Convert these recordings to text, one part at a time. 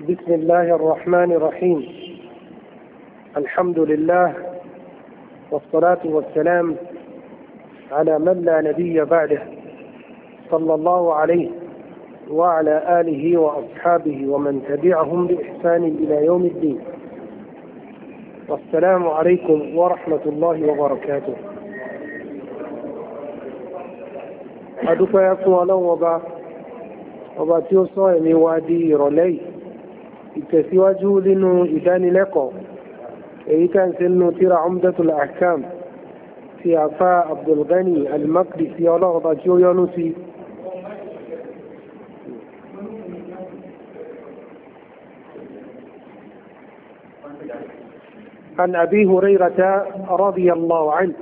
بسم الله الرحمن الرحيم الحمد لله والصلاة والسلام على من لا نبي بعده صلى الله عليه وعلى آله وأصحابه ومن تبعهم بإحسان إلى يوم الدين والسلام عليكم ورحمة الله وبركاته أدوك يا سوى وبا وبا تيوسو يمي وادي رليه ìtẹ̀síwájú nínú ìdánilẹ́kọ̀ọ́ èyí tá ń ṣe nínú tíra umdatul ahkam ti àfá abdulgani al-maqdisi ọlọ́ọ̀bá tí ó yọ́nú sí عن أبي هريرة رضي الله عنه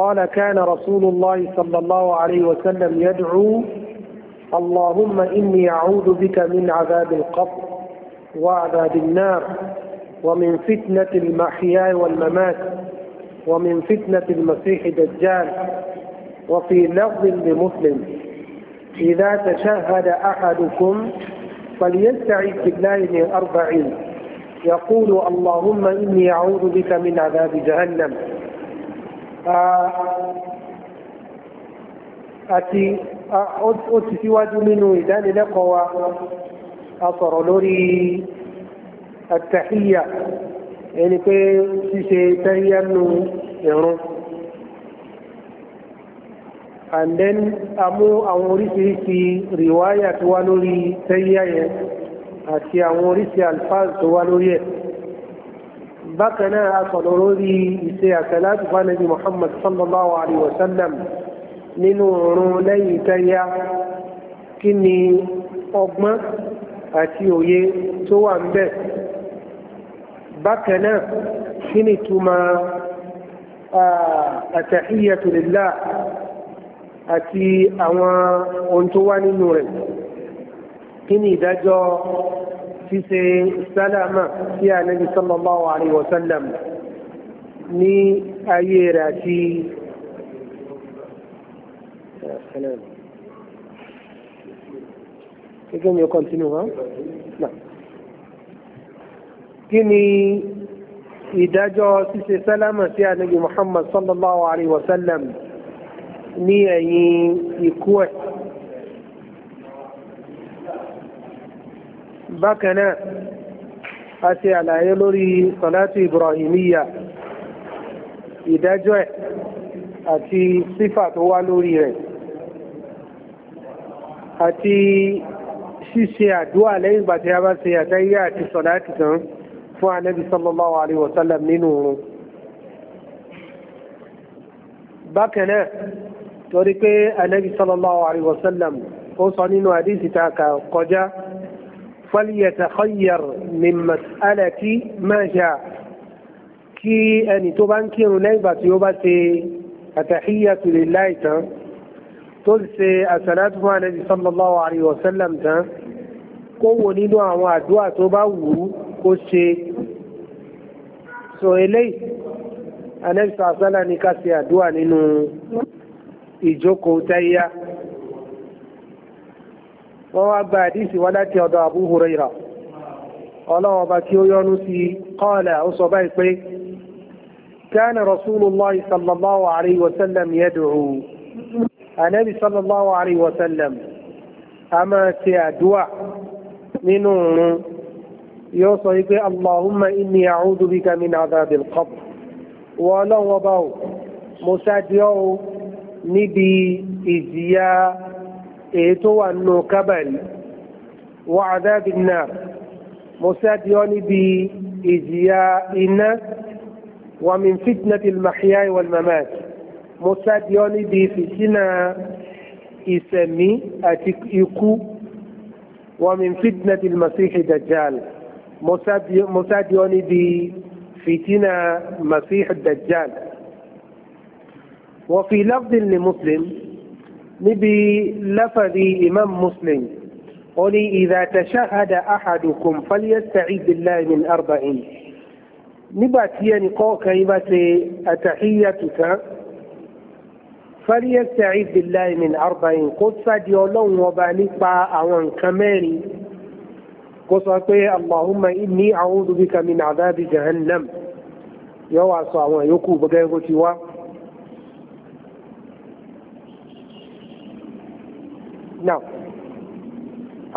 قال كان رسول الله صلى الله عليه وسلم يدعو اللهم إني أعوذ بك من عذاب القبر وعذاب النار ومن فتنة المحيا والممات ومن فتنة المسيح الدجال وفي لفظ لمسلم إذا تشهد أحدكم فليستعذ بالله من أربع يقول اللهم إني أعوذ بك من عذاب جهنم آه، آه، أتي أتي أتي أتي أتي أتي أتي أتي أتي lórí àtàhíyà ẹni pé ṣíṣe tàhíyà nù ìrun and then a mú àwọn oríṣiríṣi rìwáyà tó wá lórí tàhíyà yẹn àti àwọn oríṣi alfáàz tó wá lórí ẹ̀ bákan náà a sọ̀rọ̀ lórí ìṣe àtàlátù fánàbí Muhammad sallallahu alaihi wasallam nínú òrùn lẹ́yìn tàhíyà kí ni ọgbọ́n àti òye tó wà ń bẹ́ẹ̀ bákan náà kí ni túmọ̀ àtàhíyàtò lillah àti àwọn ohun tó wá nínú rẹ̀ kí ni ìdájọ́ ṣíṣe sálámà sí ànábi sallallahu alayhi wa sallam ní ayé rẹ̀ àti Again, you continue, huh? No kí ni ìdájọ́ ṣíṣe sálámà sí ànábì muhammad sallallahu alayhi wa sallam ní ẹ̀yìn ikú ẹ̀. bákan náà a ṣe àlàyé lórí salatu ibrahimiyya ìdájọ́ ẹ̀ àti sífà tó wá lórí rẹ̀ àti ṣíṣe àdúrà lẹ́yìn ìgbà tí a bá ṣe àtẹ́yẹ àti sọ̀láàtì tán fún anabi sallallahu alayhi wa sallam nínú oorun bákan náà torí pé anabi sallallahu alayhi wa sallam ó sọ nínú àdìsí tá a kà kọjá falyatakhayar min mas'alati ma sha kí ẹni tó bá ń kírun lẹ́yìn ìgbà tí ó bá ṣe àtàhíyàtù lillahi tán tó ṣe àsàlátù fún anabi sallallahu alayhi wa sallam tán kó wo nínú àwọn àdúrà tó bá wù ú kó ṣe so eléyìí anẹ́bísà àṣálà ní ká ṣe àdúrà nínú ìjókòó táyà wọ́n wá gba àdísì wá láti ọ̀dọ̀ Abu Hurairah ọlọ́run ọba kí ó yọ́nú sí qala ó sọ báyìí pé كان رسول الله صلى الله عليه وسلم يدعو النبي صلى الله عليه وسلم أما سيدعو nínú òun yóò sọ wípé allahumma inni a'udhu bika min adhabil qabr wọ́n ọlọ́run ọba o mo ṣáájú ọ́ o níbi ìjìyà èyí tó wà nù kábàlì wa adhabin nar mo ṣáájú ọ́ níbi ìjìyà iná wa min fitnatil mahya wal mamat mo ṣáájú ọ́ níbi fìtínà ìsẹ̀mí àti ikú wa min fitnatil masihi dajjal musa di ọ níbi fìtínà masih dajjal wọ́n fi lafdin ní muslim níbi láfàrí imam muslim ó ní idha tashahada ahadukum falyasta'id billahi min arba'in nígbà tí ẹnì kọ̀ọ̀kan yìí bá ṣe àtàhíyàtù tán falyasta'id billahi min arba'in kó sádi ọlọ́run ọba nípa àwọn nǹkan mẹ́rin kó sọ pé allahumma inni a'udhu bika min adhabi jahannam yóò wá sọ àwọn yòókù gẹ́gẹ́ bó ti wá. now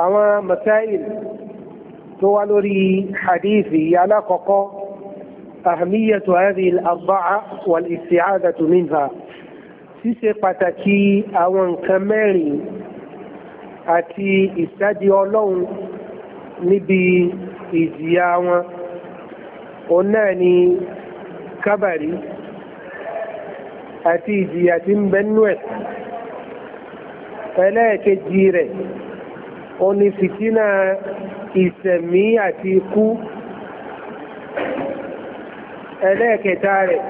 àwọn masáìl tó wá lórí hadithi alákọ̀ọ́kọ́ ahmiyatu hadhihi al-arba'a wal-isti'adatu minha ṣíṣe pàtàkì àwọn nǹkan mẹ́rin àti ìsádi ọlọ́run níbi ìjìyà wọn òun náà ni kábàrí àti ìjìyà tí ń bẹ nú ẹ̀ ẹlẹ́ẹ̀kejì rẹ̀ òun ni fìtínà ìsẹ̀mí àti ikú ẹlẹ́ẹ̀kẹta rẹ̀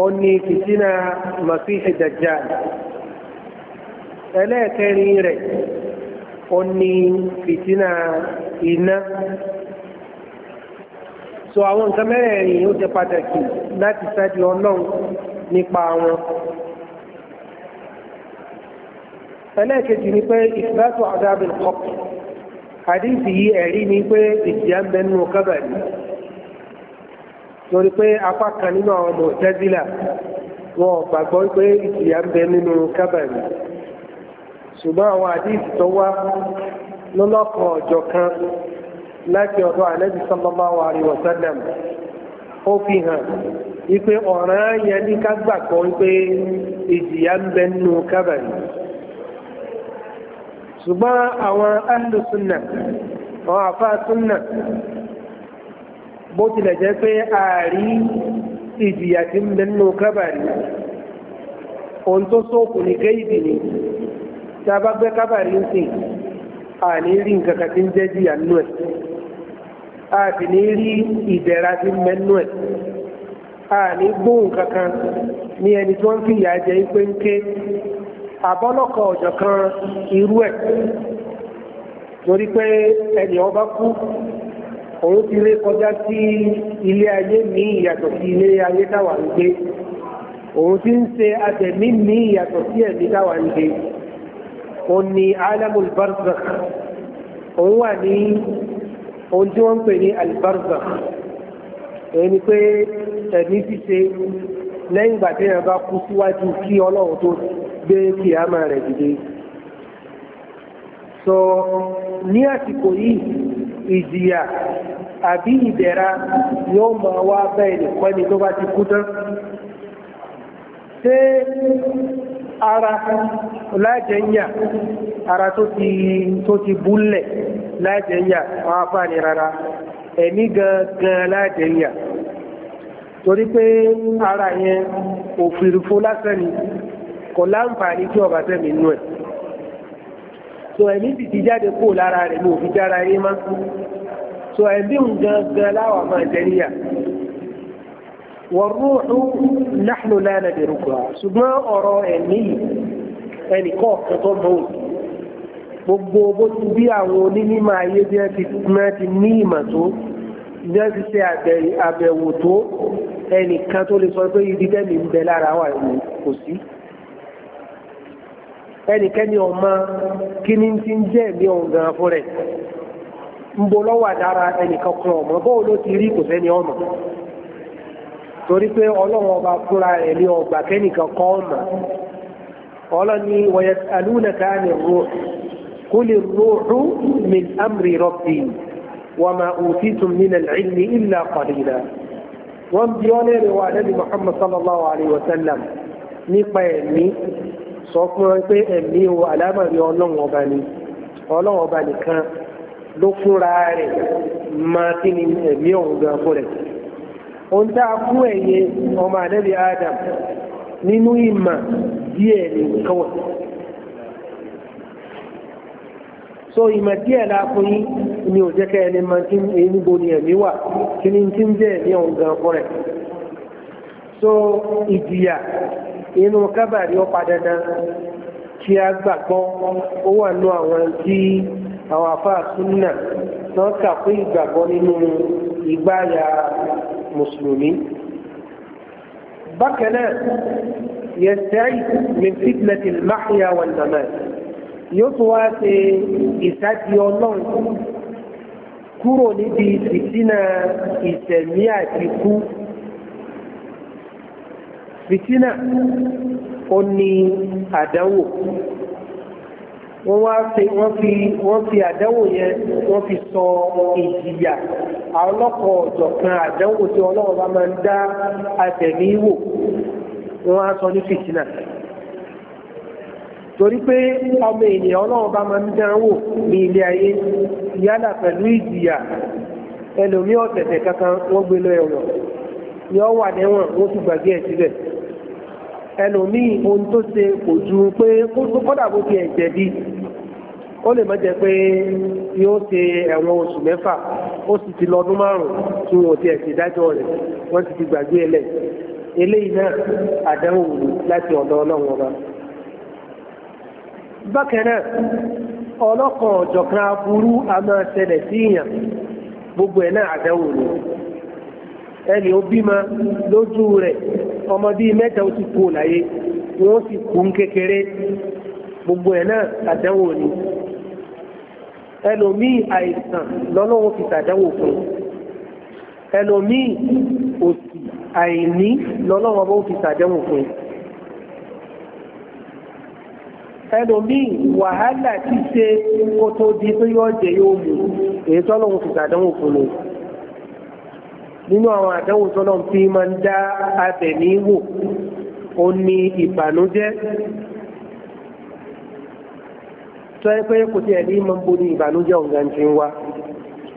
òun ni fìtínà màfíhì dàjà ẹlẹ́ẹ̀kẹrin rẹ̀ ó ní fìtínà iná so àwọn nǹkan mẹ́rẹ̀ẹ̀rin ó jẹ pàtàkì láti sáàdì ọlọ́run nípa wọn ẹlẹ́ẹ̀kejì ni pé ìfìlátò àdábìn kọ́p àdíìsì yìí ẹ̀rí ni pé ìjìyà ń bẹ nínú kábàlì torí pé apá kan nínú àwọn ọmọ tẹ́sílà wọn ò gbàgbọ́ pé ìjìyà ń bẹ nínú ṣùgbọ́n àwọn àdíìsì tó wá lọ́lọ́kan ọ̀jọ̀ kan láti ọ̀dọ̀ ànábì sallallahu alaihi wasallam ó fi hàn wípé ọ̀ràn yẹn ní ká gbàgbọ́ wípé ìjìyà ń bẹ nínú kábàrí ṣùgbọ́n àwọn ahlu sunna àwọn àfa bó tilẹ̀ jẹ́ pé ààrí ìjìyà ti ń bẹ nínú kábàrí ohun tó sókùn kéyìdì ni tá a bá gbẹ́ kábàrí ń sìn a ní rí nǹkan kan tí ń jẹ́ jìyà nínú ẹ̀ a sì ní rí ìdẹ̀ra tí ń mẹ́nu ẹ̀ a ní gbóhùn kankan ní ẹni tí wọ́n fi ìyà jẹ pé ń ké àbọ́lọ́kọ̀ ọ̀jọ̀ kan irú ẹ̀ torí pé ẹni ọba kú òun ti lé kọjá sí ilé ayé ní ìyàtọ̀ sí ilé ayé táwa ń gbé òun ti ń ṣe àtẹ̀mí ní ìyàtọ̀ sí ẹ̀mí táwa ń gbé ó ní alamul barzakh òun wà ní ohun tí wọ́n ń pè ní albarzakh èyí ni pé ẹ̀mí ṣíṣe lẹ́yìn ìgbà tí èèyàn bá kú síwájú kí ọlọ́run tó gbé kìámà rẹ̀ dìde sọ ní àsìkò yìí ìjìyà àbí ìdẹ̀ra yóò máa wá bẹ́ẹ̀ nìkan ni tó bá ti kú tán ṣé ara lájẹ̀yà ara tó ti tó ti búlẹ̀ lájẹ̀yà àwọn afáàní rárá ẹ̀mí gangan lájẹ̀yà torí pé ara yẹn òfìrìfò lásán ni kò láǹfààní tí ọba tẹ̀mí nú ẹ̀ so ẹ̀mí sì ti jáde kó lára rẹ̀ ní òfin jára yé so ẹ̀mí gangan láwà máa jẹ́ níyà wọ̀rúùhù náà lánàá bẹ̀rùkùá ṣùgbọ́n ọ̀rọ̀ ẹ̀mí ẹnì kọ̀ọ̀kan tó gbogbo bí àwọn onímọ̀ ayé bí ti ní ìmọ̀ tó bí ti ṣe àbẹ̀wò tó ẹnìkan tó lè sọ pé ibi ń bẹ lára wà kò sí ọmọ ti ń jẹ́ ọ̀hún gan fún rẹ̀ ń bo ẹnìkan kan ọmọ ti rí kò sẹ́ni torí pé ọlọ́run ọba fúnra rẹ̀ ní ọgbà kẹ́nìkan kọ́ ọ̀nà ọlọ́ni wọ̀nyẹ alúnaka ni rúù kúlì rúù min amri rabbi wàmà òtítùm nínà ìlmi ìlà kọ̀lìlà wọ́n bí ọ́ lérè wa nabi muhammad sallallahu alayhi wa sallam nípa ẹ̀mí sọ fún wọn pé ẹ̀mí o alámàrí ọlọ́run ọlọ́run ọba nìkan ló fúnra rẹ̀ máa kí ni ẹ̀mí ọ̀hún gan fún rẹ̀. ohun tá a fún ẹ̀yẹ ọmọ ànábì Adam nínú ìmọ̀ díẹ̀ so ìmọ̀ díẹ̀ la ni ò jẹ́ ẹni máa ti ń ni ẹ̀mí wà kí ni ń so ìjìyà inú kábàrí ó padà dán kí a gbàgbọ́ ó wà nú àwọn tí àwọn afáàsúnà náà kà pé ìgbàgbọ́ nínú mùsùlùmí bákan náà yẹsẹ̀rì min fitnati mahya wal mamat yóò tún wá ṣe ìsádi ọlọ́run kúrò níbi fìtínà ìṣẹ̀mí àti ikú fìtínà ó ní àdánwò. wọ́n wá fi wọ́n fi wọ́n fi àdánwò yẹn wọ́n fi sọ ìjìyà ọlọ́kọ̀ ọ̀jọ̀kan àdánwò tí ọlọ́wọ́ bá máa ń dá àtẹ̀mí wò wọ́n á sọ ní fìtínà torí pé ọmọ ènìyàn ọlọ́wọ́ bá máa ń dánwò ní ilé ayé yálà pẹ̀lú ìjìyà ẹlòmí ọ̀tẹ̀tẹ̀ kankan wọ́n gbé lọ ẹ̀wọ̀n yọ wà níwọ̀n wọ́n tún gbàgbé ẹ̀ síbẹ̀ ẹlòmí ohun tó ṣe kò ju pé kódà bó ti ẹ̀ jẹ̀bi ó lè má jẹ́ pé yóò ṣe ẹ̀wọ̀n oṣù mẹ́fà ó sì ti lọ ọdún márùn-ún tí wọn ti ẹ̀sìn ìdájọ́ rẹ̀ wọ́n ti gbàgbé ẹlẹ̀ eléyìí náà àdánwò láti ọ̀dọ̀ ọlọ́run ọba. bákan náà ọlọ́kan ọ̀jọ̀kan aburú a máa ṣẹlẹ̀ sí èèyàn gbogbo ẹ̀ náà ni ẹni ó bímọ lójú rẹ̀ mẹ́ta ó ti kú láyé ẹlòmíì àìsàn lọ́lọ́wọ́ fi ṣàdánwò fún ẹlòmíì òsì àìní lọ́lọ́wọ́ bó fi ṣàdánwò fún ẹlòmíì wàhálà ti ṣe kó tó di pé yóò jẹ yóò mú èyí tọ́lọ́wọ́ fi ṣàdánwò fún lò nínú àwọn àdánwò tọ́lọ́wọ́ fi máa ń dá abẹ̀mí wò ó ní ìbànújẹ́ Sọ yẹ pé kò tiẹ̀ ní mọ́ ní ìbànújẹ́ ọ̀gán ti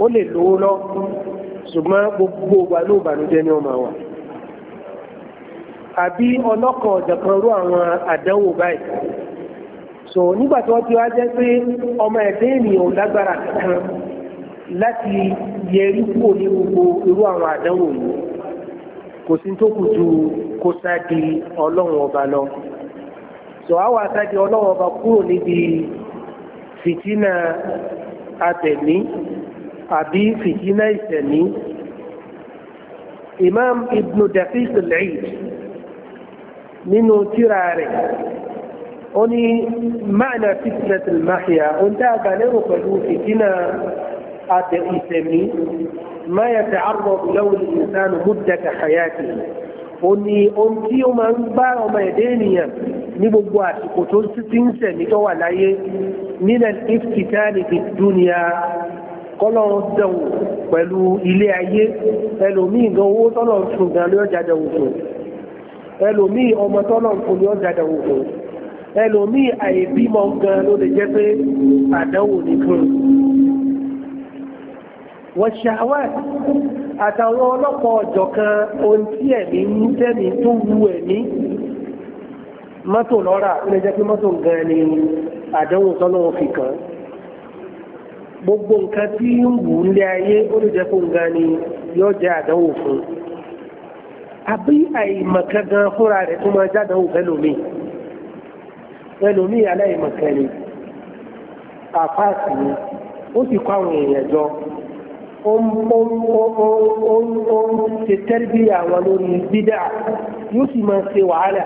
ó lè lówó lọ ṣùgbọ́n gbogbo wa ló ìbànújẹ́ ní ọmọ wa àbí ọlọ́kọ̀ ọ̀jọ̀kan rú àwọn àdánwò báyìí nígbà tí wọ́n ti wá jẹ́ pé ọmọ ènìyàn lágbára láti yẹrí fìtínà àtẹ̀mí àbí fìtínà ìtẹ̀mí imam ibn daqiq al-eid nínú tírà rẹ̀ ó ní máàna fitnat al-mahya ohun tá a gbà lérò pẹ̀lú fìtínà àtẹ̀ ìtẹ̀mí ma yata'arradu lahu al-insanu muddata hayatihi ó ní ohun tí ó máa ń bá ọmọ ẹ̀dẹ́ ènìyàn ní gbogbo àsìkò tó ti ń sẹ̀mí tó wà láyé nílẹ̀ ìfìtánì dúnìá kọ́lọ́run dẹ̀wò pẹ̀lú ilé ayé ẹlòmíì gan owó tọ́lọ̀ ń fún gan ló jáde òkú ẹlòmíì ọmọ tọ́lọ̀ ń fún ló jáde òkú ẹlòmíì àìbímọ gan ló lè jẹ́ pé àdánwò ní wọ́n ṣe àwọn àtàwọn ọlọ́pọ̀ ọ̀jọ̀ kan ohun tí ẹ̀mí ń tẹ́mi tó wu ẹ̀mí mọ́tò lọ́ra ó jẹ́ pé mọ́tò gan ni àdánwò gbogbo nǹkan tí ń wù ayé ó lè jẹ́ gan ni yóò jẹ́ àdánwò fún àbí àìmọ̀kan gan fúnra rẹ̀ tó máa jádánwò fẹ́lòmíì fẹ́lòmíì aláìmọ̀kan ni àfáàsì ni ó sì kọ́ àwọn ó ń ṣe tẹ́lbíyà wọn lórí bídà yóò sì máa ṣe wàhálà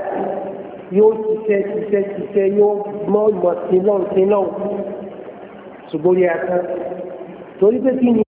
yóò ṣiṣẹ́ ṣiṣẹ́ ṣiṣẹ́ yóò mọ̀ ìmọ̀ sínú sínú ṣùgbọ́n yàtọ̀ torí pé kí ni.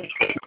Thank you.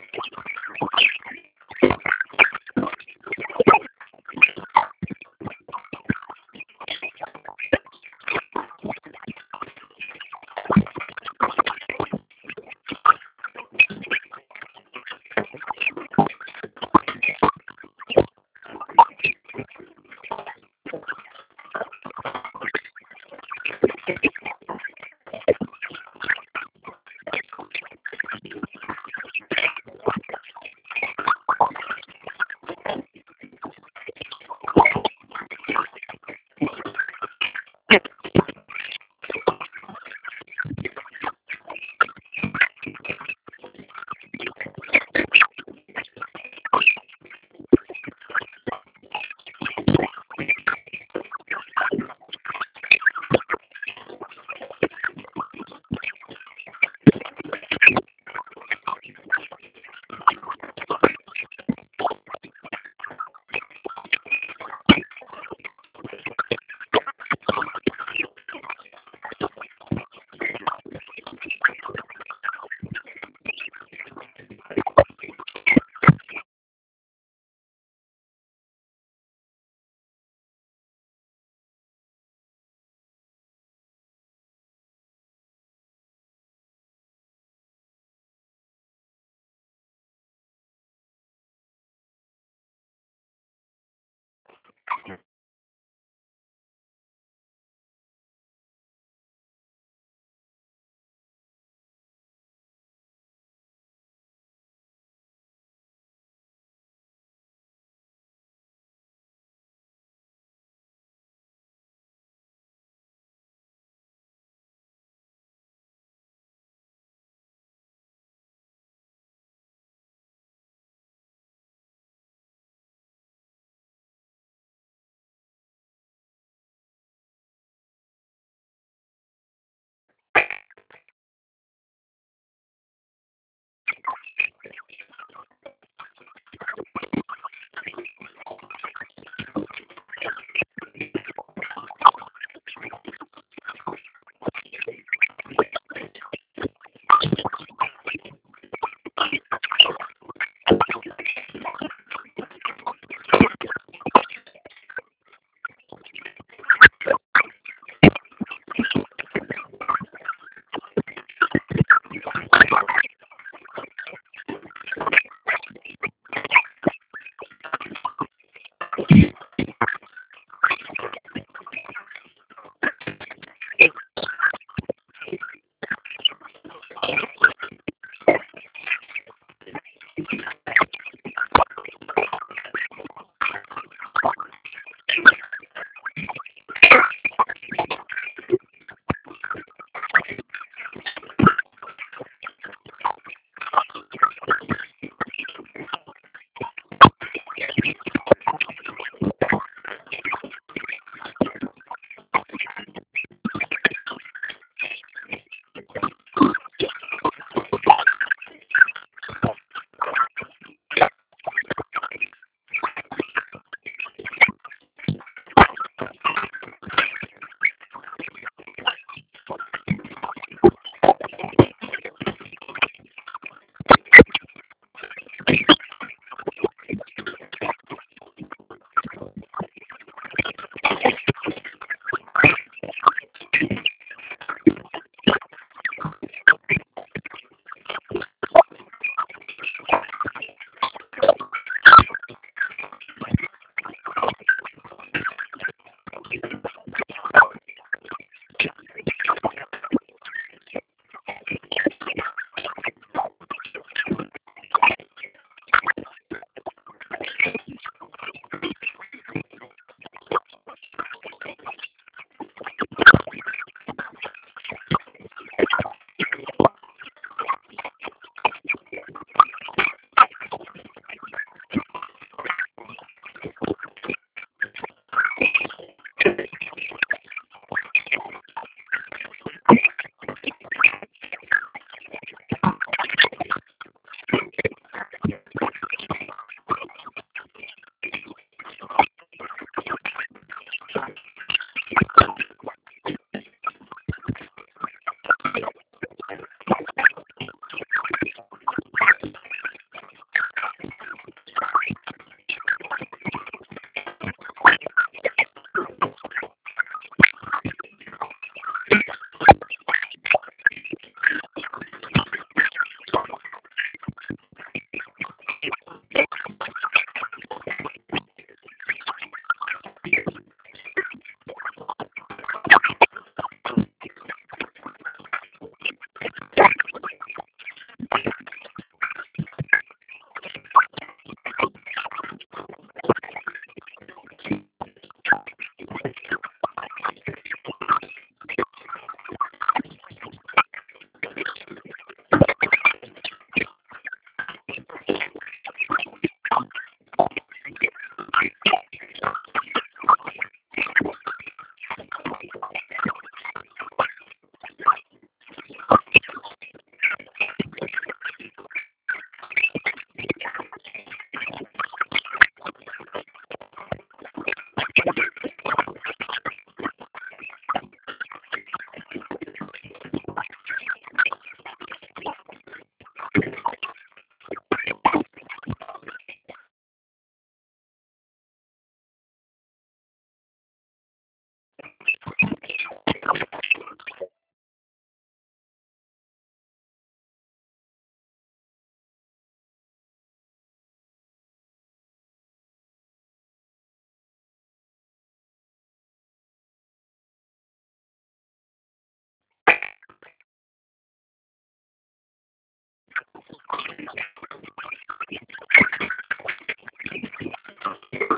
Thank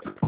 you.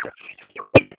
Thank you.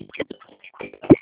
一切的同学。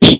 Peace.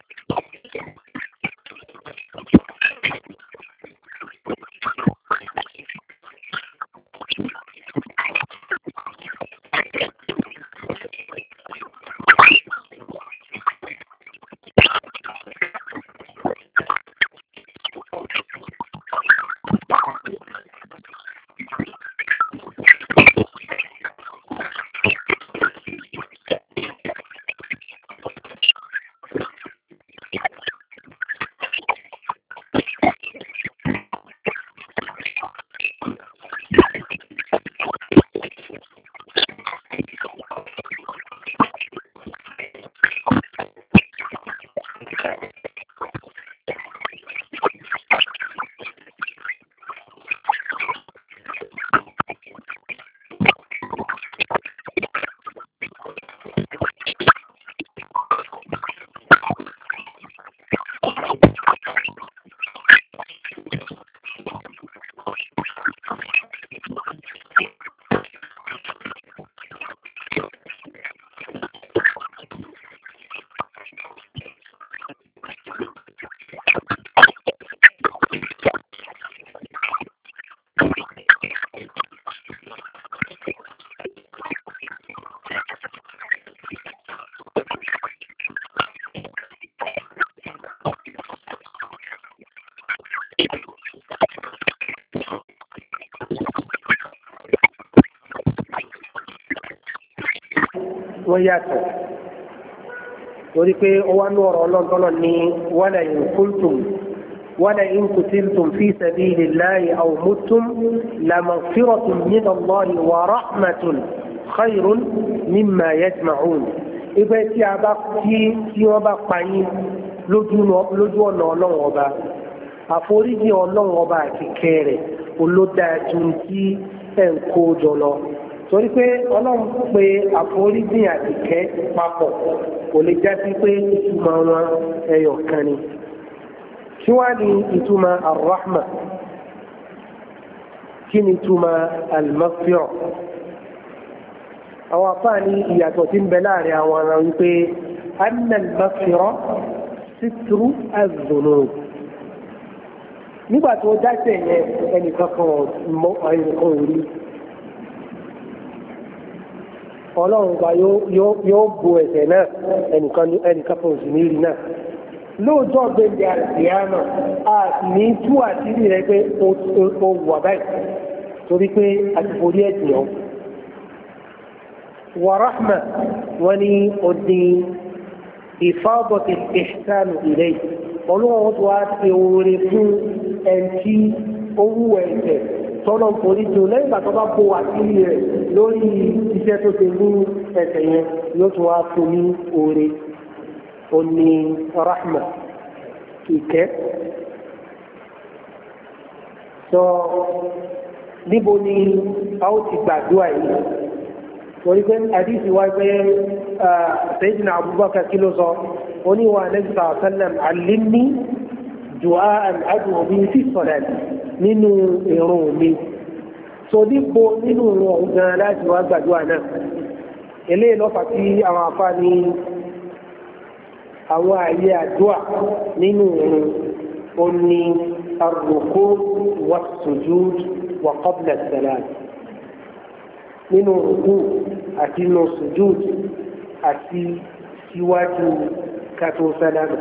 wọ́n yàtọ̀ torí pé ó wá ní ọ̀rọ̀ ọlọ́ntọ́lọ́ ní wala in kuntum wala in kutiltum fi sabilillahi aw muttum lamaghfiratun min Allahi wa rahmatun khayrun mimma yajma'un ibẹ̀ tí a bá kí wọ́n bá pa lójú ọ̀nà ọlọ́run ọba àforíjì ọlọ́run ọba àti kẹrẹ̀ olódàájú tí ẹ̀ ń kó jọ lọ torí pé ọlọ́run tó pe àforíjìn àtìkẹ́ papọ̀ kò lè já sí pé ìtumọ̀ wọn ẹyọ kan ni kí wá ní ìtumọ̀ arahma kí ni ìtumọ̀ almafiro àwọn afáà ní ìyàtọ̀ tí ń bẹ láàrin àwọn ara wípé anna sitru azunub nígbà tó dáṣẹ̀ yẹn ẹnìkan kan ò rí ọlọ́run gba yóò bo ẹ̀ṣẹ̀ náà ẹnìkan fún òsì ní rí náà lóòótọ́ gbẹ̀ndẹ̀ àdìyàmà a ní tú àṣírí rẹ pé o wà báyìí torí pé a ti forí ẹ̀jìn ọ́ wàràhmà wọn ni òdin ìfábọ̀tì ìṣánù ilé ọlọ́run tó wá ti oore fún ẹni tí ó tọ́lọ́ forí jù lẹ́yìn ìgbà tó bá bo àtìrí rẹ̀ lórí iṣẹ́ tó ṣe ní ẹsẹ̀ yẹn yóò tún wá fún ní oore ó ní rahma ìkẹ́ sọ níbo ni a ó ti gbàdúrà yìí torí pé àdìsí wá pé Sayyidina Abubakar kí ló sọ ó ní wa Nabi sallallahu alaihi wasallam allimni du'a an nínú ìrun mi sodípo nínú ìrun ọ̀hún gan láti wá gbàdúrà náà eléyìí lọ́fà tí àwọn afá ní àwọn ààyè àdúrà nínú ìrun ó ní arúgbó wàsùjú wàkọ́bìlẹ̀ sẹ́lá nínú rúkú àti nínú sùjú àti síwájú kátó sálámù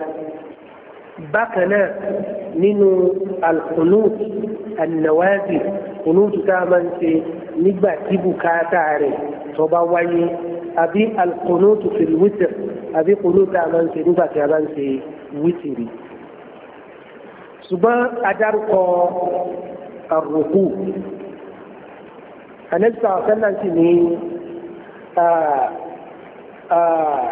bákanáà nínú alkunut annawazi kunut tá a máa ń ṣe nígbà tí bùkátà rẹ̀ tó bá wáyé àbí alkunut fil witr àbí kunut tá a máa ń ṣe nígbà tí a máa ń ṣe wítìrì ṣùgbọ́n adárúkọ àrùkù anẹ́bísà ọ̀sán náà sì ní ah, ah,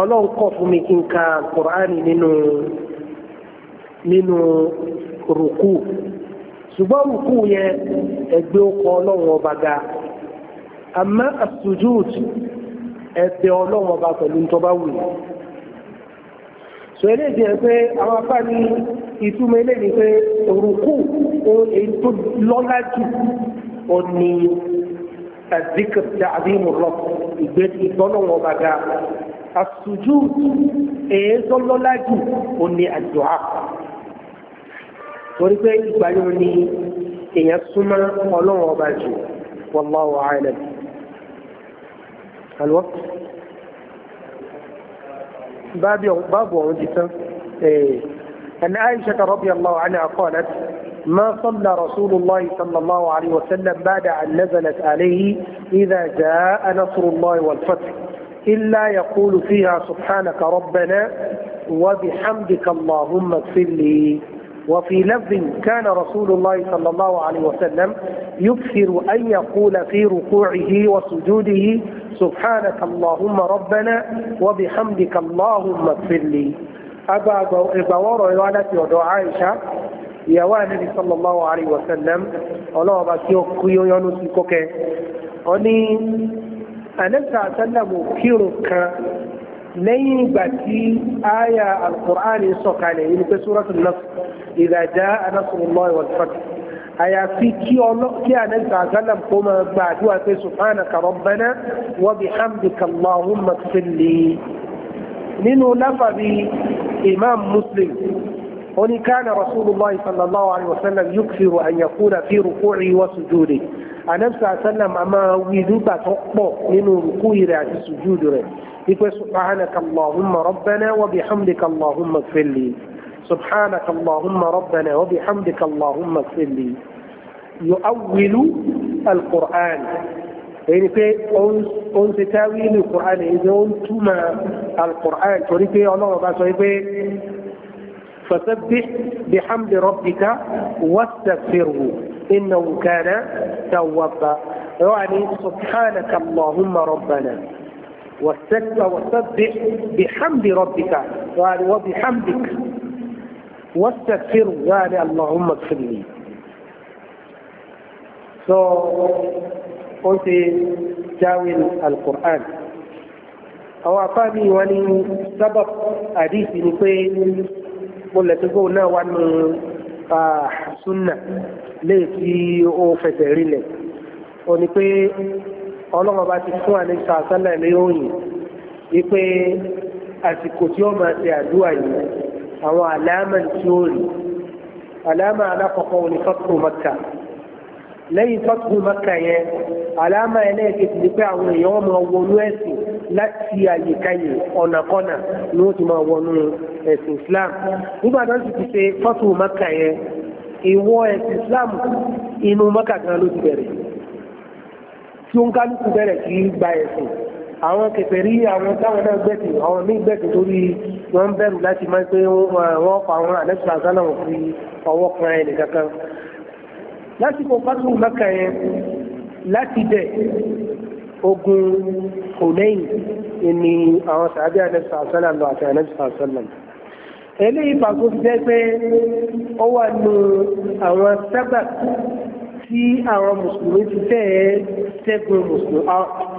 ọlọ́run kọ̀ fún mi kí n ka kùránì nínú nínú rùkú ṣùgbọ́n rùkú yẹn ẹgbẹ́ ọkọ̀ ọlọ́run ọba ga àmọ́ àsùjúd ẹgbẹ́ ọlọ́run ọba pẹ̀lú tó bá wù sọ eléyìí jẹ́ pé àwọn apá ní ìtumọ̀ eléyìí pé rùkú èyí tó lọ́lá jù ó ní àdìkọ̀ tàbí mùrọ̀ ìgbẹ́ ìtọ́lọ́run ọba ga السجود èyí إيه صلى الله عليه وسلم الدعاء àdúà torí pé ìgbà والله ní والله súnmọ́ الوقت ọba jù باب إيه. أن عائشة رضي الله عنها قالت ما صلى رسول الله صلى الله عليه وسلم بعد أن نزلت عليه إذا جاء نصر الله والفتح إلا يقول فيها سبحانك ربنا وبحمدك اللهم اغفر لي وفي لفظ كان رسول الله صلى الله عليه وسلم يكثر أن يقول في ركوعه وسجوده سبحانك اللهم ربنا وبحمدك اللهم اغفر لي أبا إبوار رواية ودعائشة ìyàwó ànábi sallallahu alaihi wasallam ọlọ́ọ̀bá tí ó kú yóyọ́nú sí kókẹ́ anẹ́sà sálàmù kírun kan lẹ́yìn ìgbà tí àyà alukur'ani sọ̀kalẹ̀ yìí pé suratul nasr idha jaa nasrullahi wal fath àyàfi kí anẹ́sà sálàmù kó máa gba àdúrà pé subhanaka rabbana wa bihamdika allahumma ighfirli nínú láfàbí imam muslim ó ní kana rasulullah sallallahu alayhi wa sallam yukfiru an yakuna fi ruku'i wa sujudi anabisa asalam a máa wí nígbà tó pọ̀ nínú rúkú rẹ̀ àti sùjúdù rẹ̀ wípé subhanaka allahumma rabbana wa bihamdika allahumma fili subhanaka allahumma rabbana wa bihamdika allahumma fili yu'awwilu alqur'an èyí pé ó ṣe táwílì qur'an èyí ó ń túmọ̀ alqur'an torí pé ọlọ́run bá sọ pé fasabbih bihamdi rabbika wastaghfirhu. إنه كان توابا يعني سبحانك اللهم ربنا واستكبر وسبح بحمد ربك يعني وبحمدك واستغفر يعني اللهم اغفر لي so قلت جاول القرآن أو أعطاني ولي سبب حديث نقول قلت قول وأن عن آه، سنة léè tí ó fẹsẹ̀ rinlẹ̀ ó ni pé ọlọ́run bá ti fún àlejò àṣálẹ̀ ni. wípé àsìkò tí ó máa ṣe àdúrà yìí àwọn àlámà tí ó rí àlámà alákọ̀ọ́kọ́ ní fọ́tò mọ́kà lẹ́yìn fọ́tò mọ́kà yẹn àlámà ẹlẹ́ẹ̀kejì ni pé àwọn èèyàn máa wọnú ẹ̀sìn láti àyíkáyè ọ̀nàkọ́nà ni ó ti máa wọnú ẹ̀sìn Islam nígbà tó ti ṣe fọ́tò mọ́kà yẹn ìwọ ẹ̀sìn Islam inú Mẹ́kà kan ló ti bẹ̀rẹ̀ tí ó ń kálukú bẹ̀rẹ̀ kí gba ẹ̀sìn àwọn kèfèrí àwọn táwọn náà gbẹ̀tì àwọn míì gbẹ̀tì torí wọ́n bẹ̀rù láti máa pé wọ́n fa àwọn àdẹ́sùn àzánà wọn fi ọwọ́ kan ẹnì kankan lásìkò fásitì Mẹ́kà yẹn láti bẹ̀ ogun Hunain ni àwọn sàábì àdẹ́sùn àzánà lọ àti àdẹ́sùn àzánà lọ eléyìí pàtó fi jẹ́ pé ó wà nù àwọn sábà tí àwọn mùsùlùmí ti fẹ́ ṣẹ́gun mùsùlùmí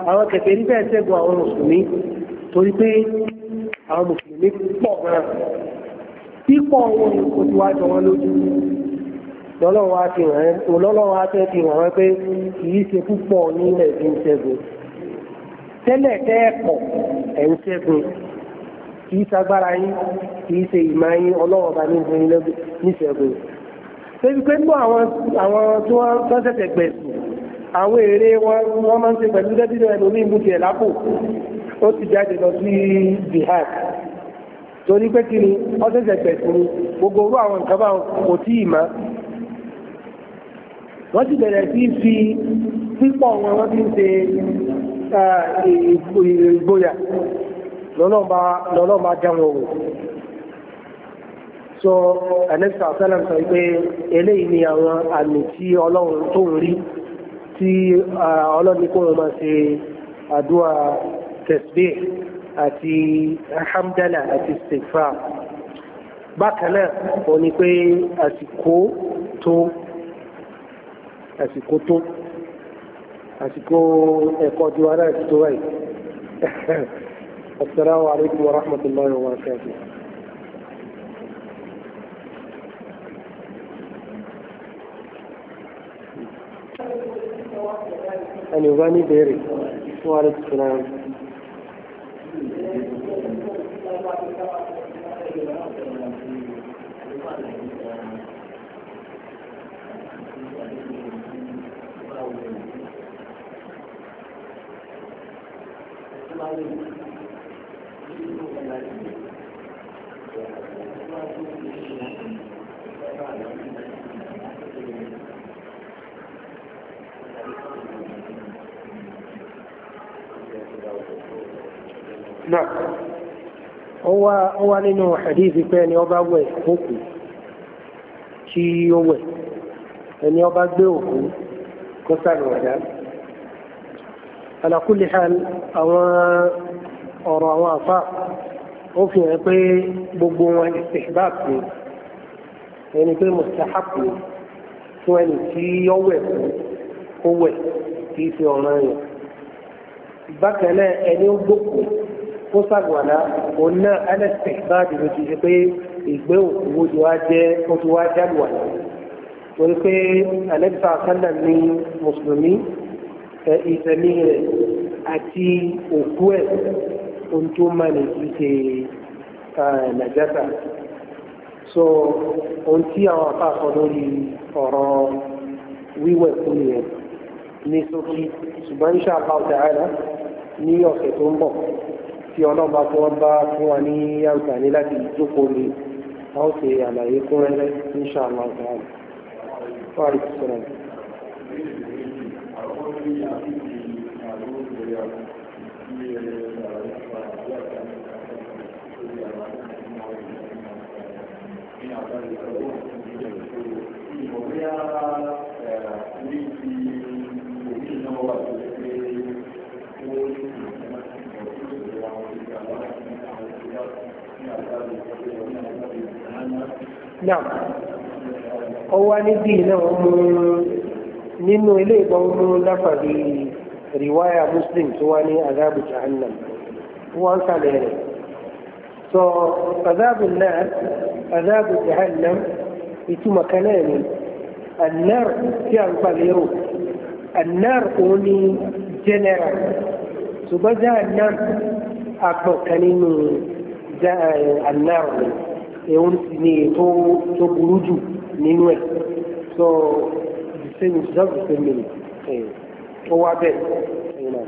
àwọn kẹfẹ́ ní fẹ́ ṣẹ́gun àwọn mùsùlùmí torí pé àwọn mùsùlùmí pọ̀ gan pípọ̀ wọn kò tí wá jọ wọn lójú lọ́lọ́wọ́ á fi hàn olọ́lọ́wọ́ á fẹ́ fi hàn wọ́n pé kìí ṣe púpọ̀ ní ilẹ̀ ìṣẹ́gun tẹ́lẹ̀ tẹ́ pọ̀ ẹ̀ ń ṣẹ́gun kì í sagbára yín kì í ṣe ìmọ̀ yín ọlọ́wọ́ bá ní fún yín níṣẹ́gun. Ṣébi pé mú àwọn tí wọ́n tọ́sẹ̀tẹ̀ gbẹ̀sùn àwọn èrè wọn wọ́n máa ń ṣe pẹ̀lú dẹ́bìtì ẹ̀lú ní ìmú tiẹ̀ lápò ó ti jáde lọ sí jihad torí pé kí ni ọ́sẹ̀sẹ̀ gbẹ̀sùn gbogbo orú àwọn nǹkan bá kò tí ì mọ́ wọ́n ti bẹ̀rẹ̀ sí fi pípọ̀ wọn wọ́n ti ń ṣe ìgboyà lọ́lọ́ máa dáwọn òwò so ẹ̀lẹ́sà sẹ́lẹ̀ sọ pé eléyìí ni àwọn àmì tí ọlọ́run tó ń rí tí ọlọ́run kò máa ṣe àdúrà tasbih àti hamdala àti istighfar bákan náà ó ní pé àsìkò tó àsìkò tó àsìkò ẹ̀kọ́ ju ara wáyé السلام عليكم ورحمة الله وبركاته أن يباني بيري وعليكم السلام Thank you. náà ó wá nínú hadithi pé ẹni ọba wẹ̀ òkú tí ó wẹ̀ ẹni ọba gbé ọ̀rọ̀ àwọn àfà ó fi hàn pé gbogbo wọn istihbab ni ẹni pé mustahab ni fún ẹni tí ó wẹ̀ fún ó wẹ̀ kì í ṣe ọ̀ràn yẹn bákan náà ẹni ó gbòkó ó ṣàgbọ̀nà òun náà al-istihbab ló ti ṣe pé ìgbé òkú wo ti wá jẹ́ ó ti wá jáluwà yẹn torí pé alẹ́bíta àkàndà ní mùsùlùmí ìtẹ̀lé rẹ̀ àti òkú ẹ̀ ohun tó má ní kí ṣe nàìjẹ́ta so ohun tí àwọn àpapọ̀ lórí ọ̀rọ̀ wíwẹ̀ fún yẹn ní sókí ṣùgbọ́n insha Allah ta'ala ní ọ̀sẹ̀ tó ń bọ̀ tí ọlọ́ba tí wọ́n bá fún wa ní àǹfààní láti jókòó ni a ó ṣe àlàyé kúnrẹ́rẹ́ insha Allah ta'ala. Fáàrí sọ̀rọ̀. Thank you. náà ó wá níbí náà mú nínú ilé ìbọn mú láfàdí riwaya muslim tó wá ní azabu jahannam wọ́n sàlẹ̀ rẹ̀ so azabu náà azabu jahannam ìtumọ̀ kan náà ni annar tí a ń pa lérò annar òun ni general ṣùgbọ́n jahannam àpọ̀ kan nínú annar èyí sì ni ètò tó burú jù nínú ẹ̀ so the same is just the same meaning ó wá bẹ́ẹ̀ ẹ̀yìn náà.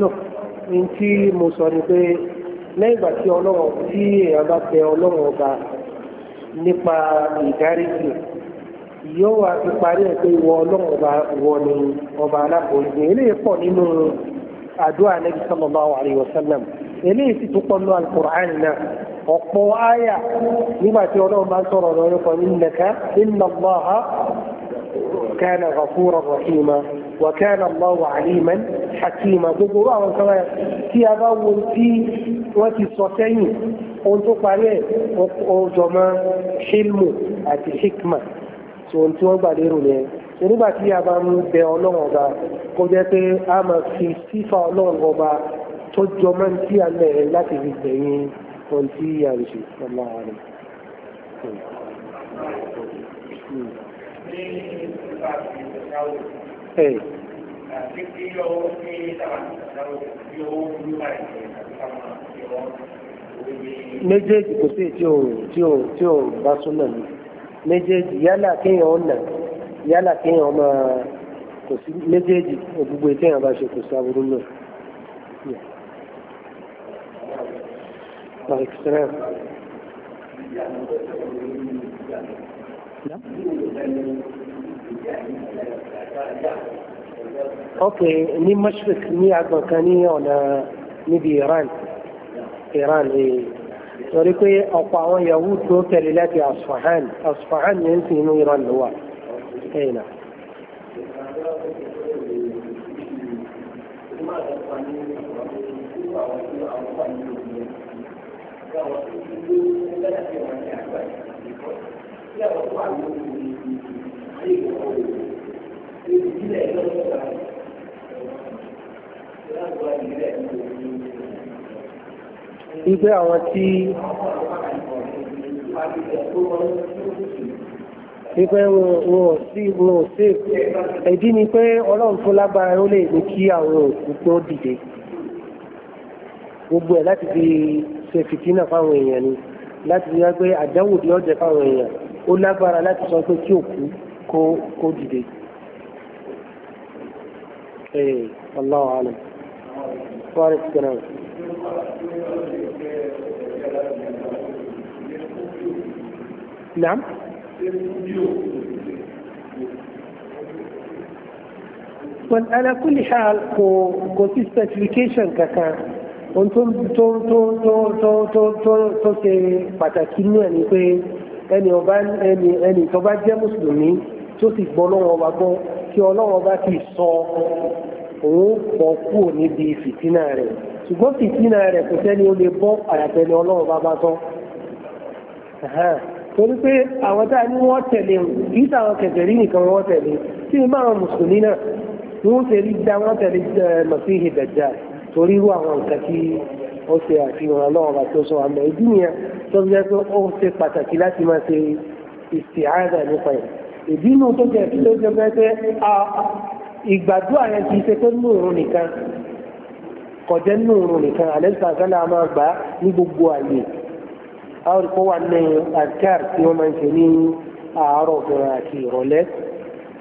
No, n tí mo sọ ni pé lẹ́yìn ìgbà tí ọlọ́run tí èèyàn bá tẹ ọlọ́run ọba nípa ìdáríjì yóò wá fi parí ẹ̀ pé ìwọ ọlọ́run ọba wọ ni ọba alákòóso eléyìí pọ̀ nínú àdúrà Nabi sallallahu alaihi wasallam eléyìí sì tún pọ̀ nínú alukur'an náà ọ̀pọ̀ àyà nígbà tí ọlọ́run bá sọ̀rọ̀ lọ́rùkọ nínú nìkan nínú ọgbọ́n ha kana ghafura rahima. وكان الله عليما حكيما gbogbo àwọn kan tí a bá wo tí wọ́n ti sọ sẹ́yìn ohun tó parí ẹ̀ ọjọ́ mọ́ ṣílmù àti hikma tí ohun tí wọ́n gbà lérò yẹn nígbà tí a bá ń bẹ ọlọ́run ọba kó jẹ́ pé a máa fi sífà ọlọ́run ọba tó jọ mọ́ tí a lẹ̀ láti fi gbẹ̀yìn ohun tí a lè ṣe ọlọ́run ọba. Thank you méjèèjì kò sí tí ò tí ò tí ò bá súnmọ́ mi méjèèjì yálà kéèyàn ọ̀nà yálà kéèyàn ọmọ kò sí méjèèjì gbogbo ìtẹ́yàn bá ṣe kò sí aburú náà. Yeah ok ní mashrik ní agbọ̀n kan ní ọ̀nà níbi Iran Iran ee eh. torí pé ọ̀pọ̀ àwọn Yahud tó tẹ̀lé láti Asfahan Asfahan yẹn ti inú Iran ló wà ẹ̀yìn náà. Thank you ìdílé ẹ̀rọ ìjọba ìgbé àwọn tí wípé wọn ò sí wọn ò sí ìdí ni pé ọlọ́run fún lágbára ó lè ní kí àwọn òkú tó dìde gbogbo ẹ̀ láti fi ṣe fìtínà fáwọn èèyàn ni láti fi gbé àdánwò tí ó jẹ fáwọn èèyàn ó lágbára láti sọ pé kí òkú kó dìde. ايه الله اعلم وارد كلام نعم wọn ala kulli hal kò kò sí specification kankan ohun tó tó tó tó tó tó tó tó ṣe pàtàkì nínú ẹ ni pé ẹni ọba ẹni ẹni tó bá jẹ mùsùlùmí tó sì gbọ́ lọ́wọ́ wa gbọ́ kí ọlọ́wọ́ bá ti sọ òun bọ̀ kúrò níbi fìtínà rẹ̀ ṣùgbọ́n fìtínà rẹ̀ kò sẹ́ni ó lè bọ́ àyàfẹ́ ni ọlọ́wọ́ bá bá tán torí pé àwọn tá a ní wọ́n tẹ̀lé yìí táwọn kẹ̀kẹ́ rí nìkan wọ́n tẹ̀lé tí ní báwọn mùsùlùmí náà wọ́n ṣe rí dá wọ́n tẹ̀lé Masihi Dajjal torí irú àwọn nǹkan tí ó ṣe àfihàn ọlọ́wọ́ bá tó àmọ́ ìdí nìyẹn tó fi jẹ́ pé ó ṣe pàtàkì láti máa ṣe ìsìáàdà nípa ẹ̀ ìbínú tó jẹ́ kí ló jẹ́ pé ìgbàdúrà yẹn ti ṣe pé nínú òun nìkan kọjẹ́ nínú òun nìkan àlẹ́sà sálà máa gbà ní gbogbo àyè àwọn ìkó wà ní adkar tí wọ́n máa ń ṣe ní àárọ̀ òfin àti ìrọ̀lẹ́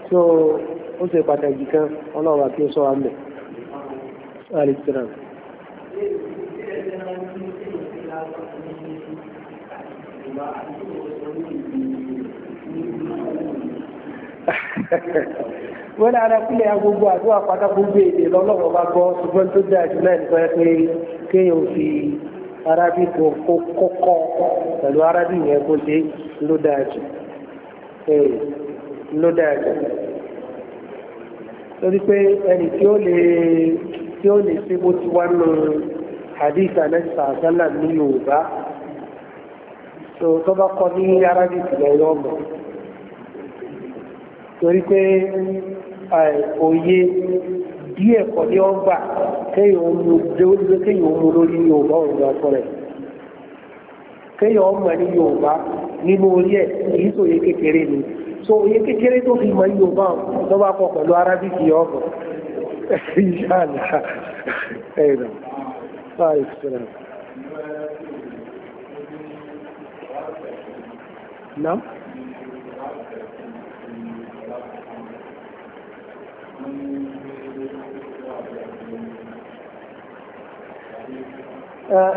tó ó ṣe pàtàkì kan ọlọ́run àti ọ̀ṣọ́ àmì alìsíran. Thank you. wọ́n ní arákùnrin ya gbogbo àdúrà pátá gbogbo èdè lọ́lọ́wọ́ bá gbọ́ ṣùgbọ́n tó dáa jù náà nípa pé kéèyàn fi arábì kò kọ́kọ́ pẹ̀lú arábì yẹn kó ṣe ló dáa jù ló dáa jù torí pé ẹni tí ó lè tí ó lè ṣe bó ti wá nù hadith anẹ́sà sálà ní Yorùbá tó bá kọ ní arábì tìlẹ̀ yọ̀ torí pé òye díẹ̀ kọ̀ ní ọgbà kéyàn mú lórí Yorùbá òyìnbá sọ rẹ̀ kéyàn ọmọ ní Yorùbá nínú orí ẹ̀ èyí tó yẹ kékeré ni so òye kékeré tó fi mọ Yorùbá tó bá kọ pẹ̀lú arábìkì ọkọ̀ ìṣàlá ẹ̀rọ báyìí sọ̀rọ̀ Nam? No?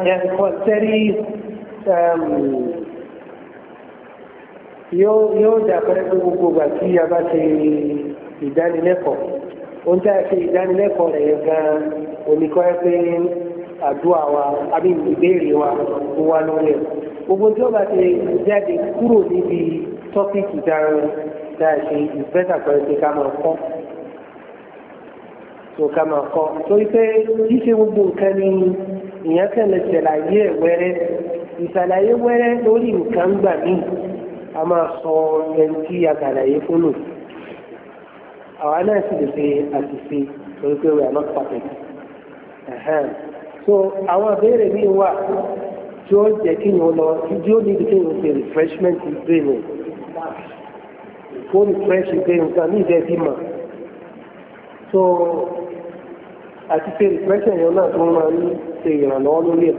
يعني uh, كوالتري um, yóò yóò dàpẹ́ pé gbogbo ìgbà tí a bá ṣe ìdánilẹ́kọ̀ọ́ ohun tí a ṣe ìdánilẹ́kọ̀ọ́ rẹ̀ yẹn gan-an oníkọ́ ẹ pé àdúrà wa àbí ìbéèrè wa ó wá lórí ẹ̀ gbogbo tí ó bá ṣe jáde kúrò níbi tọ́pìkì dára tá a ṣe tó ká máa kọ́ torí pé ṣíṣe gbogbo nǹkan ni ìyẹn kẹ́lẹ̀ ṣàlàyé ẹ̀ wẹ́rẹ́ ìṣàlàyé wẹ́rẹ́ lórí nǹkan gbà míì a máa sọ ẹni tí a ṣàlàyé fún nù àwa náà sì lè ṣe àṣìṣe torí pé we are not perfect so àwọn ìbéèrè mi wà tí ó jẹ́ kí ni ó lọ tí ó ní kí ni ó ṣe refreshment brain fún refresh brain nǹkan ní ìdẹ́bí mọ̀ so àti pé ìpẹ́sẹ̀ yẹn náà tó máa ń ṣe ìrànlọ́wọ́ lórí ẹ̀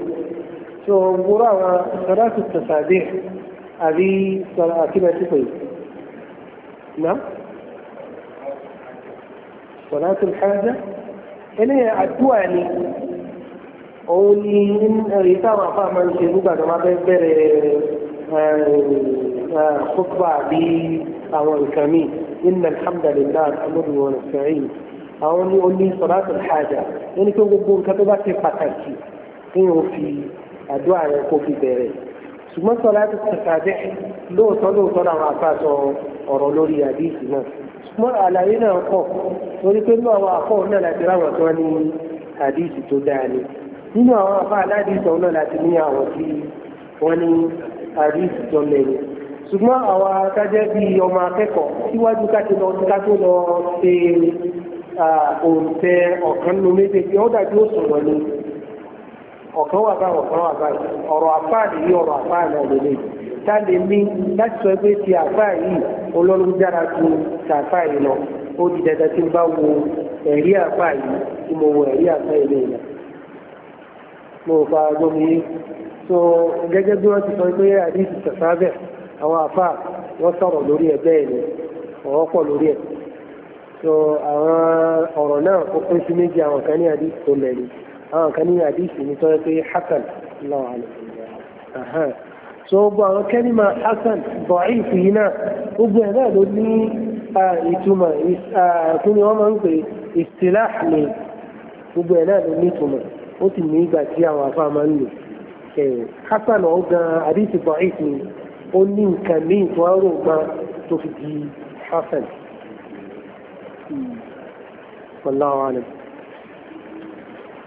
tó gbúrò àwọn sọ́dáàtì tẹ̀sàdé àbí sọ̀rọ̀ àkíbẹ̀tì pé ná sọ̀dáàtì ìkájá eléyà àdúrà ni òun ni èyí táwọn afá máa ń ṣe nígbà tó máa fẹ́ bẹ̀rẹ̀ خطبة بعد أو الكمين إن الحمد لله نحمده ونستعينه àwọn ní o ní sọ̀rọ̀tò ìhájà wọ́n ní pé gbogbo nǹkan tó bá ti pàtàkì kéèyàn fi àdúrà rẹ̀ kó fi bẹ̀rẹ̀ ṣùgbọ́n sọ̀rọ̀tò ìtàgé lóòótọ́ lóòótọ́ làwọn àfàṣọ ọ̀rọ̀ lórí àdéhìí náà ṣùgbọ́n àlàyé náà pọ̀ torí pé nínú àwọn àkọ́ náà láti ráwọn tó ní àdéhìí tó dáa ni nínú àwọn àbá aládìí náà láti ní àwọn tí wọ́n ní àdéhìí tó lẹ́yìn ṣùgbọ́n àwọn akájẹ́ bíi ọmọ akẹ́kọ̀ọ́ síwájú ká ti lọ ká tó lọ ṣe òǹtẹ ọ̀kan ló méjèèjì ó dájú ó sọ̀rọ̀ ni ọ̀kan wà báyìí ọ̀kan wà báyìí ọ̀rọ̀ àfáà nìyí ọ̀rọ̀ àfáà náà lélẹ̀ tá lè mí láti sọ pé ti àfáà yìí olórí dára ju ti àfáà yìí lọ ó di dandan tí n bá wo ẹ̀rí àfáà yìí tí mo wo ẹ̀rí àfáà yìí lẹ́yìn mo fa gbọ́mi yìí so gẹ́gẹ́ bí wọ́n ti sọ pé àdìsí tẹ̀sábẹ̀ àwọn àfáà wọ́n sọ̀rọ̀ lórí ẹ̀ bẹ́ẹ̀ ni ọ̀rọ̀ pọ̀ lórí ẹ̀ so àwọn ọ̀rọ̀ náà ó pín sí méjì àwọn kan ní àdìsí tó lẹ́nu àwọn kan ní àdìsí ní tọ́jú pé hasan lọ́wọ́ àlẹ́ so gbogbo àwọn kẹ́límà hasan da'if yìí náà gbogbo ẹ̀ náà ló ní ìtumọ̀ kí ni wọ́n máa ń pè istilah ni gbogbo ẹ̀ náà ló ní ìtumọ̀ ó sì ní ìgbà tí àwọn afá máa ń lò hasan ọ̀hún gan àdìsí da'if ni ó ní nǹkan míì tó wá rò gan tó fi di hasan wallahu alam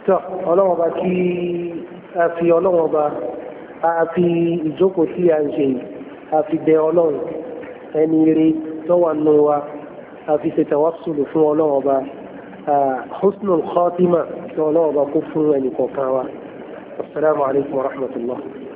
tó ọlọ́wọ́n bá kí a fi ọlọ́wọ́n bá a fi ìjókòó tí a ń ṣe a fi bẹ ọlọ́run ẹni rí tọ́wà nù wa a fi ṣe tawassulu fún ọlọ́wọ́n bá husnul khatima tí ọlọ́wọ́n kó fún ẹnì kọ̀ọ̀kan wa assalamu alaikum wa rahmatullah.